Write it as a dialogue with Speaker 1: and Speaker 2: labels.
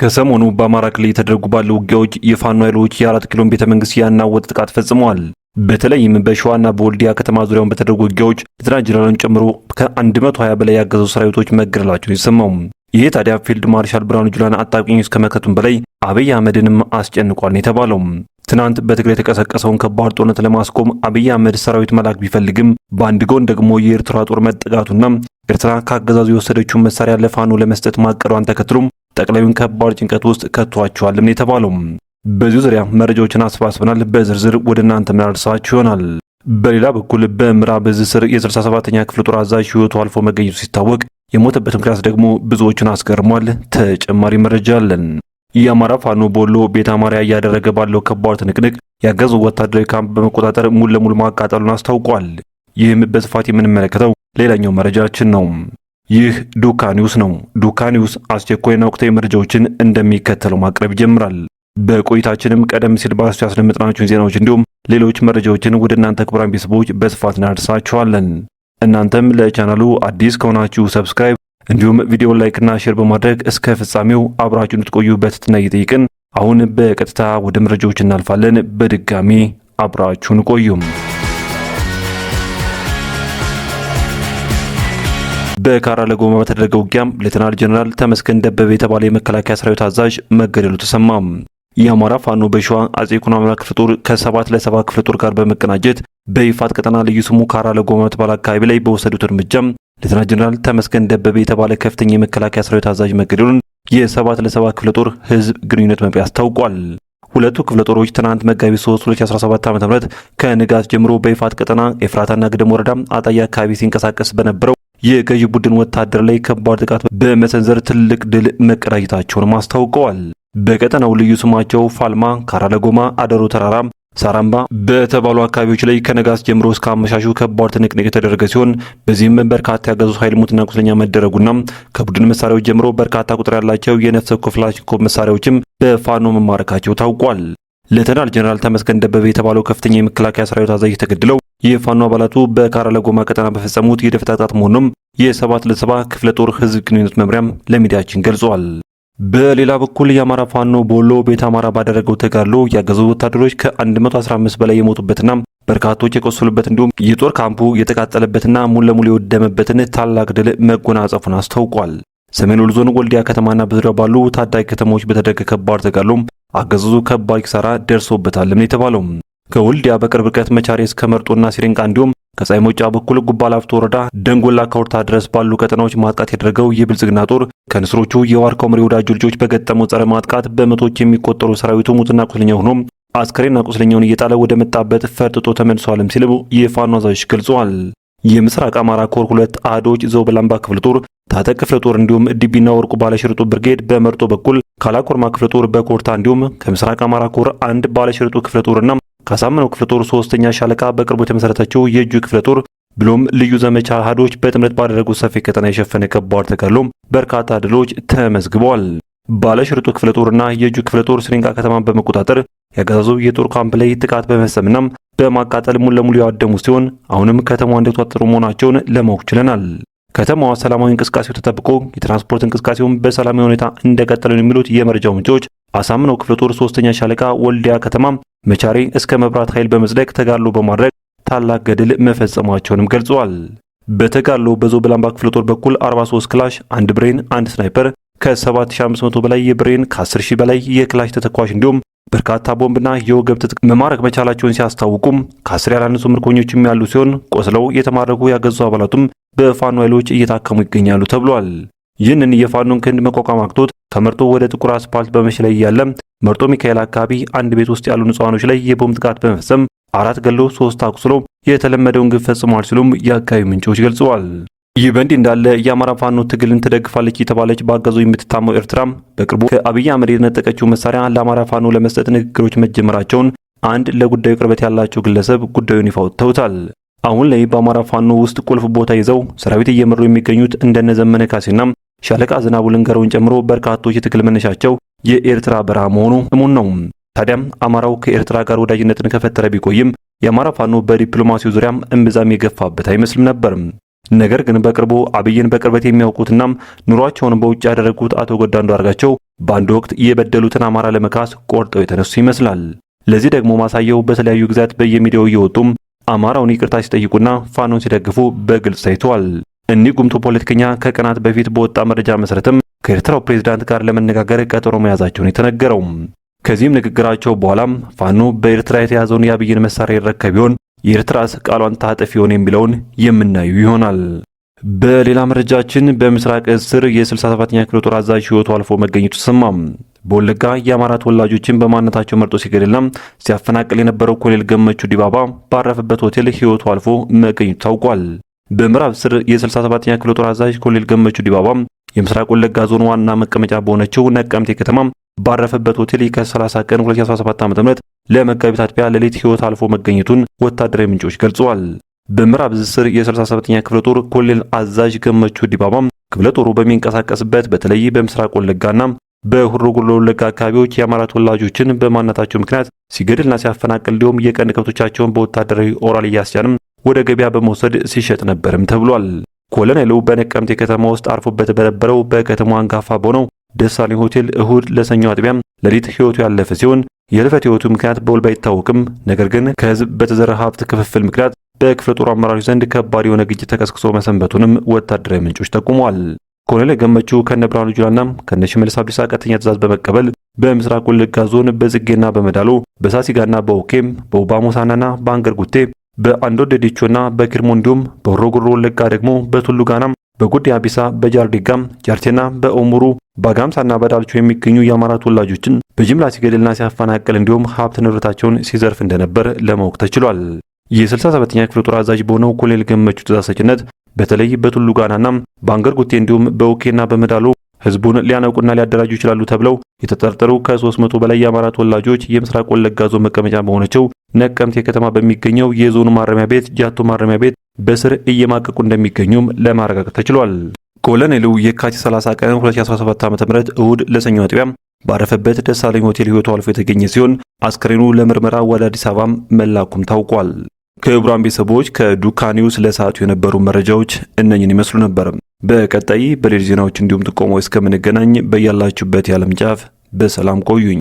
Speaker 1: ከሰሞኑ በአማራ ክልል የተደረጉ ባለው ውጊያዎች የፋኖ ኃይሎች የአራት ኪሎን ቤተ መንግስት ያናወጥ ጥቃት ፈጽመዋል። በተለይም በሸዋና በወልዲያ ከተማ ዙሪያውን በተደረጉ ውጊያዎች ሌተናንት ጨምሮ ከ120 በላይ ያገዙ ሰራዊቶች መገደላቸውን የሰማው ይህ ታዲያ ፊልድ ማርሻል ብርሃኑ ጁላን አጣብቂኝ ውስጥ ከመክተቱም በላይ አብይ አህመድንም አስጨንቋል ነው የተባለው። ትናንት በትግራይ የተቀሰቀሰውን ከባድ ጦርነት ለማስቆም አብይ አህመድ ሰራዊት መላክ ቢፈልግም በአንድ ጎን ደግሞ የኤርትራ ጦር መጠጋቱና ኤርትራ ከአገዛዙ የወሰደችውን መሳሪያ ለፋኖ ለመስጠት ማቀዷን ተከትሎም ጠቅላዩን ከባድ ጭንቀት ውስጥ ከቷቸዋልም ነው የተባለው። በዚሁ ዙሪያ መረጃዎችን አሰባስበናል። በዝርዝር ወደ እናንተ ምናልሳችሁ ይሆናል። በሌላ በኩል በምዕራብ እዝ ስር የ67ኛ ክፍለ ጦር አዛዥ ህይወቱ አልፎ መገኘቱ ሲታወቅ የሞተበት ምክንያት ደግሞ ብዙዎቹን አስገርሟል። ተጨማሪ መረጃ አለን። የአማራ ፋኖ ቦሎ ቤት አማሪያ እያደረገ ባለው ከባድ ትንቅንቅ ያገዙ ወታደራዊ ካምፕ በመቆጣጠር ሙሉ ለሙሉ ማቃጠሉን አስታውቋል። ይህም በስፋት የምንመለከተው ሌላኛው መረጃችን ነው። ይህ ዱካ ኒውስ ነው። ዱካ ኒውስ አስቸኳይና ወቅታዊ መረጃዎችን እንደሚከተለው ማቅረብ ይጀምራል። በቆይታችንም ቀደም ሲል በአስቱ ያስደመጥናችሁን ዜናዎች እንዲሁም ሌሎች መረጃዎችን ወደ እናንተ ክቡራን ቤተሰቦች በስፋት እናደርሳችኋለን። እናንተም ለቻናሉ አዲስ ከሆናችሁ ሰብስክራይብ፣ እንዲሁም ቪዲዮ ላይክና ሼር በማድረግ እስከ ፍጻሜው አብራችሁ እንድትቆዩ በትህትና እየጠየቅን አሁን በቀጥታ ወደ መረጃዎች እናልፋለን። በድጋሚ አብራችሁን ቆዩም። በካራ ለጎማ በተደረገው ውጊያም ሌተናል ጀኔራል ተመስገን ደበበ የተባለ የመከላከያ ሰራዊት አዛዥ መገደሉ ተሰማም። የአማራ ፋኖ በሸዋ አጼ ይኩኖ አምራ ክፍለ ጦር ከሰባት ለሰባ ክፍለ ጦር ጋር በመቀናጀት በይፋት ቀጠና ልዩ ስሙ ካራ ለጎማ በተባለ አካባቢ ላይ በወሰዱት እርምጃም ሌተናል ጀነራል ተመስገን ደበበ የተባለ ከፍተኛ የመከላከያ ሰራዊት አዛዥ መገደሉን የሰባት ለሰባ ክፍለ ጦር ህዝብ ግንኙነት መምሪያ አስታውቋል። ሁለቱ ክፍለ ጦሮች ትናንት መጋቢት 3 2017 ዓ.ም ከንጋት ጀምሮ በይፋት ቀጠና ኤፍራታና ግድም ወረዳ አጣያ አካባቢ ሲንቀሳቀስ በነበረው የገዢ ቡድን ወታደር ላይ ከባድ ጥቃት በመሰንዘር ትልቅ ድል መቀዳጀታቸውንም አስታውቀዋል። በቀጠናው ልዩ ስማቸው ፋልማ፣ ካራለጎማ፣ አደሮ ተራራ፣ ሳራምባ በተባሉ አካባቢዎች ላይ ከነጋስ ጀምሮ እስከ አመሻሹ ከባድ ትንቅንቅ የተደረገ ሲሆን በዚህም በርካታ ያገዙት ኃይል ሙትና ቁስለኛ መደረጉና ከቡድን መሳሪያዎች ጀምሮ በርካታ ቁጥር ያላቸው የነፍሰ ኮፍላሽንኮቭ መሳሪያዎችም በፋኖ መማረካቸው ታውቋል። ሌተናል ጀኔራል ተመስገን ደበበ የተባለው ከፍተኛ የመከላከያ ሰራዊት አዛዥ ተገድለው የፋኖ አባላቱ በካራለጎማ ቀጠና በፈጸሙት የደፈጣ ጥቃት መሆኑም የሰባት ለሰባ ክፍለ ጦር ህዝብ ግንኙነት መምሪያም ለሚዲያችን ገልጿል። በሌላ በኩል የአማራ ፋኖ ቦሎ ቤት አማራ ባደረገው ተጋድሎ ያገዙ ወታደሮች ከ115 በላይ የሞቱበትና በርካቶች የቆሰሉበት እንዲሁም የጦር ካምፑ የተቃጠለበትና ሙሉ ለሙሉ የወደመበትን ታላቅ ድል መጎናጸፉን አስታውቋል። ሰሜን ወሎ ዞን ወልዲያ ከተማና በዙሪያው ባሉ ታዳጊ ከተሞች በተደረገ ከባድ ተጋድሎም አገዛዙ ከባድ ኪሳራ ደርሶበታል የተባለው ከወልዲያ በቅርብ ርቀት መቻሬስ ከመርጦና ሲሪንቃ እንዲሁም ከፀሐይ መውጫ በኩል ጉባላፍቶ ወረዳ ደንጎላ ካውርታ ድረስ ባሉ ቀጠናዎች ማጥቃት ያደረገው የብልጽግና ጦር ከንስሮቹ የዋርካው መሪ ወዳጁ ልጆች በገጠመው ጸረ ማጥቃት በመቶች የሚቆጠሩ ሰራዊቱ ሙትና ቁስለኛ ሆኖም አስከሬና ቁስለኛውን እየጣለ ወደ መጣበት ፈርጥጦ ተመልሷልም ሲል የፋኖ አዛዥ ገልጸዋል። የምስራቅ አማራ ኮር ሁለት አህዶች ዘውበላምባ ክፍለ ጦር፣ ታጠቅ ክፍለ ጦር እንዲሁም ዲቢና ወርቁ ባለሽርጡ ብርጌድ በመርጦ በኩል ካላኮርማ ክፍለ ጦር በኮርታ እንዲሁም ከምስራቅ አማራ ኮር አንድ ባለሽርጡ ክፍለ ጦርና ካሳምነው ክፍለ ጦር ሶስተኛ ሻለቃ በቅርቡ የተመሰረተችው የእጁ ክፍለ ጦር ብሎም ልዩ ዘመቻ አሃዶች በጥምረት ባደረጉ ሰፊ ቀጠና የሸፈነ ከባድ ተጋድሎም በርካታ ድሎች ተመዝግበዋል። ባለሽርጡ ክፍለ ጦርና የእጁ ክፍለ ጦር ስሪንቃ ከተማን በመቆጣጠር ያገዛዙ የጦር ካምፕ ላይ ጥቃት በመፈጸምና በማቃጠል ሙሉ ለሙሉ ያወደሙ ሲሆን አሁንም ከተማዋን እንደተቆጣጠሩ መሆናቸውን ለማወቅ ችለናል። ከተማዋ ሰላማዊ እንቅስቃሴው ተጠብቆ የትራንስፖርት እንቅስቃሴውን በሰላማዊ ሁኔታ እንደቀጠለ ነው የሚሉት የመረጃው ምንጮች አሳምነው ክፍለ ጦር ሶስተኛ ሻለቃ ወልዲያ ከተማ መቻሬ እስከ መብራት ኃይል በመዝለቅ ተጋድሎ በማድረግ ታላቅ ገድል መፈጸማቸውንም ገልጸዋል። በተጋድሎ በዞብል ክፍለ ጦር በኩል 43 ክላሽ፣ አንድ ብሬን፣ አንድ ስናይፐር ከ7500 በላይ የብሬን ከ10000 በላይ የክላሽ ተተኳሽ እንዲሁም በርካታ ቦምብና የወገብ ትጥቅ መማረክ መቻላቸውን ሲያስታውቁም ከአስር ያላነሱ ምርኮኞችም ያሉ ሲሆን ቆስለው የተማረኩ ያገዙ አባላቱም በፋኖ ኃይሎች እየታከሙ ይገኛሉ ተብሏል። ይህንን የፋኖን ክንድ መቋቋም አቅቶት ከመርጦ ወደ ጥቁር አስፓልት በመሽ ላይ እያለ መርጦ ሚካኤል አካባቢ አንድ ቤት ውስጥ ያሉ ንጹሃኖች ላይ የቦምብ ጥቃት በመፈጸም አራት ገሎ ሶስት አቁስሎ የተለመደውን ግፍ ፈጽሟል ሲሉም የአካባቢ ምንጮች ገልጸዋል። ይህ በእንዲህ እንዳለ የአማራ ፋኖ ትግልን ትደግፋለች የተባለች በአገዛዙ የምትታመው ኤርትራ በቅርቡ ከአብይ አህመድ የተነጠቀችው መሳሪያ ለአማራ ፋኖ ለመስጠት ንግግሮች መጀመራቸውን አንድ ለጉዳዩ ቅርበት ያላቸው ግለሰብ ጉዳዩን ይፋ ወጥተውታል። አሁን ላይ በአማራ ፋኖ ውስጥ ቁልፍ ቦታ ይዘው ሰራዊት እየመሩ የሚገኙት እንደነ ዘመነ ካሴና ሻለቃ ዝናቡ ልንገረውን ጨምሮ በርካቶች የትግል መነሻቸው የኤርትራ በረሃ መሆኑ እሙን ነው። ታዲያም አማራው ከኤርትራ ጋር ወዳጅነትን ከፈጠረ ቢቆይም የአማራ ፋኖ በዲፕሎማሲው ዙሪያም እምብዛም የገፋበት አይመስልም ነበር። ነገር ግን በቅርቡ አብይን በቅርበት የሚያውቁትና ኑሯቸውን በውጭ ያደረጉት አቶ ገዱ አንዳርጋቸው በአንድ ወቅት የበደሉትን አማራ ለመካስ ቆርጠው የተነሱ ይመስላል። ለዚህ ደግሞ ማሳያው በተለያዩ ግዛት በየሚዲያው እየወጡም አማራውን ይቅርታ ሲጠይቁና ፋኖን ሲደግፉ በግልጽ ታይተዋል። እኒህ ጉምቱ ፖለቲከኛ ከቀናት በፊት በወጣ መረጃ መሰረትም ከኤርትራው ፕሬዝዳንት ጋር ለመነጋገር ቀጠሮ መያዛቸውን የተነገረው። ከዚህም ንግግራቸው በኋላም ፋኖ በኤርትራ የተያዘውን የአብይን መሳሪያ ይረከብ ይሆን፣ የኤርትራስ ቃሏን ታጠፍ ይሆን የሚለውን የምናዩ ይሆናል። በሌላ መረጃችን በምስራቅ እዝ ስር የ67ኛ ክፍለ ጦር አዛዥ አልፎ መገኘቱ ተሰማም። በወለጋ የአማራ ተወላጆችን በማንነታቸው መርጦ ሲገድልና ሲያፈናቅል የነበረው ኮሎኔል ገመቹ ዲባባ ባረፈበት ሆቴል ህይወቱ አልፎ መገኘቱ ታውቋል። በምዕራብ ስር የ67ኛ ክፍለ ጦር አዛዥ ኮሎኔል ገመቹ ዲባባ የምስራቅ ወለጋ ዞን ዋና መቀመጫ በሆነችው ነቀምቴ ከተማ ባረፈበት ሆቴል ከ30 ቀን 2017 ዓ.ም ለመጋቢት አጥቢያ ሌሊት ህይወት አልፎ መገኘቱን ወታደራዊ ምንጮች ገልጸዋል። በምዕራብ ዝስር የ67ኛ ክፍለ ጦር ኮሎኔል አዛዥ ገመቹ ዲባባ ክፍለ ጦሩ በሚንቀሳቀስበት በተለይ በምስራቅ ወለጋና በሆሮ ጉዱሩ ወለጋ አካባቢዎች የአማራ ተወላጆችን በማንነታቸው ምክንያት ሲገድልና ሲያፈናቅል እንዲሁም የቀንድ ከብቶቻቸውን በወታደራዊ ኦራል እያስጫንም ወደ ገበያ በመውሰድ ሲሸጥ ነበርም ተብሏል። ኮሎኔሉ በነቀምቴ ከተማ ውስጥ አርፎበት በነበረው በከተማው አንጋፋ በሆነው ደሳሌ ሆቴል እሁድ ለሰኞ አጥቢያም ሌሊት ሕይወቱ ያለፈ ሲሆን የልፈት ሕይወቱ ምክንያት በውል ባይታወቅም፣ ነገር ግን ከህዝብ በተዘረ ሀብት ክፍፍል ምክንያት በክፍለ ጦር አመራሮች ዘንድ ከባድ የሆነ ግጭት ተቀስቅሶ መሰንበቱንም ወታደራዊ ምንጮች ጠቁመዋል። ኮሎኔል ገመቹ ከነ ብርሃኑ ጁላና ከነ ሽመልስ አብዲሳ ቀጥተኛ ትእዛዝ በመቀበል በምስራቅ ወለጋ ዞን በዝጌና በመዳሎ በሳሲጋና በኦኬም በኦባሞሳናና በአንገር ጉቴ በአንዶ ደዴቾና በኪርሙ እንዲሁም በሮጎሮ ወለጋ ደግሞ በቱሉ ጋናም በጉዲ አቢሳ በጃርዲጋም ጃርቴና በኦሙሩ በጋምሳና በዳልቾ የሚገኙ የአማራ ተወላጆችን በጅምላ ሲገድልና ሲያፈናቅል እንዲሁም ሀብት ንብረታቸውን ሲዘርፍ እንደነበር ለማወቅ ተችሏል። የ67ኛ ክፍል ጦር አዛዥ በሆነው ኮሎኔል ገመቹ ተዛሰጭነት በተለይ በቱሉ ጋናና በአንገር ጉቴ እንዲሁም በኦኬና በመዳሎ ህዝቡን ሊያነቁና ሊያደራጁ ይችላሉ ተብለው የተጠረጠሩ ከ300 በላይ የአማራ ተወላጆች የምስራቅ ወለጋ ዞን መቀመጫ በሆነችው ነቀምቴ ከተማ በሚገኘው የዞኑ ማረሚያ ቤት ጃቶ ማረሚያ ቤት በስር እየማቀቁ እንደሚገኙም ለማረጋገጥ ተችሏል። ኮሎኔሉ የካቲት 30 ቀን 2017 ዓ.ም እሁድ ለሰኞ አጥቢያ ባረፈበት ደሳለኝ ሆቴል ህይወቱ አልፎ የተገኘ ሲሆን አስክሬኑ ለምርመራ ወደ አዲስ አበባም መላኩም ታውቋል። ከብራን ቤተሰቦች ከዱካ ኒውስ ለሰዓቱ የነበሩ መረጃዎች እነኝን ይመስሉ ነበር። በቀጣይ በሌሎች ዜናዎች እንዲሁም ጥቆሞ እስከምንገናኝ በያላችሁበት የዓለም ጫፍ በሰላም ቆዩኝ።